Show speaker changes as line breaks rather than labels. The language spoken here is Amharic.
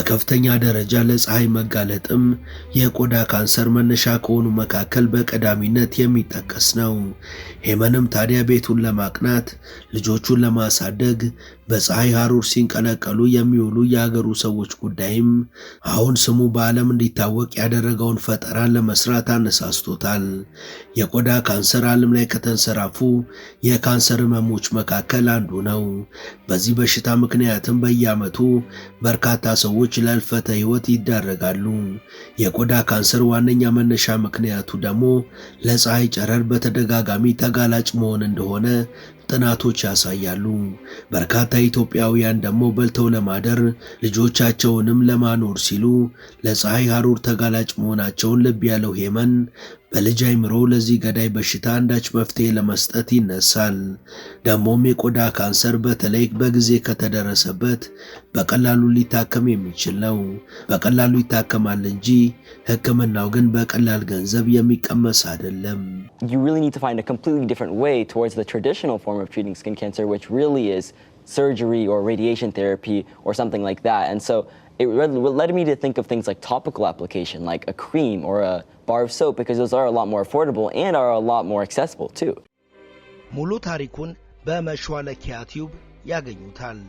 በከፍተኛ ደረጃ ለፀሐይ መጋለጥም የቆዳ ካንሰር መነሻ ከሆኑ መካከል በቀዳሚነት የሚጠቀስ ነው። ሄመንም ታዲያ ቤቱን ለማቅናት ልጆቹን ለማሳደግ በፀሐይ ሐሩር ሲንቀለቀሉ የሚውሉ የአገሩ ሰዎች ጉዳይም አሁን ስሙ በዓለም እንዲታወቅ ያደረገውን ፈጠራን ለመስራት አነሳስቶታል። የቆዳ ካንሰር ዓለም ላይ ከተንሰራፉ የካንሰር ህመሞች መካከል አንዱ ነው። በዚህ በሽታ ምክንያትም በየዓመቱ በርካታ ሰዎች ሰዎች ለልፈተ ህይወት ይዳረጋሉ። የቆዳ ካንሰር ዋነኛ መነሻ ምክንያቱ ደግሞ ለፀሐይ ጨረር በተደጋጋሚ ተጋላጭ መሆን እንደሆነ ጥናቶች ያሳያሉ። በርካታ ኢትዮጵያውያን ደግሞ በልተው ለማደር ልጆቻቸውንም ለማኖር ሲሉ ለፀሐይ ሐሩር ተጋላጭ መሆናቸውን ልብ ያለው ሄመን በልጅ አይምሮ ለዚህ ገዳይ በሽታ አንዳች መፍትሄ ለመስጠት ይነሳል። ደግሞም የቆዳ ካንሰር በተለይ በጊዜ ከተደረሰበት በቀላሉ ሊታከም የሚችል ነው። በቀላሉ ይታከማል እንጂ ሕክምናው ግን በቀላል ገንዘብ የሚቀመስ አይደለም።
you really need to find a completely different way towards the traditional form of treating skin cancer, which really is surgery or radiation therapy or something like that. And so it led me to think of things like topical application, like a cream or a bar of soap, because those are a lot more affordable and are a lot more accessible too. ሙሉ ታሪኩን በመሿለኪያ ቲዩብ ያገኙታል።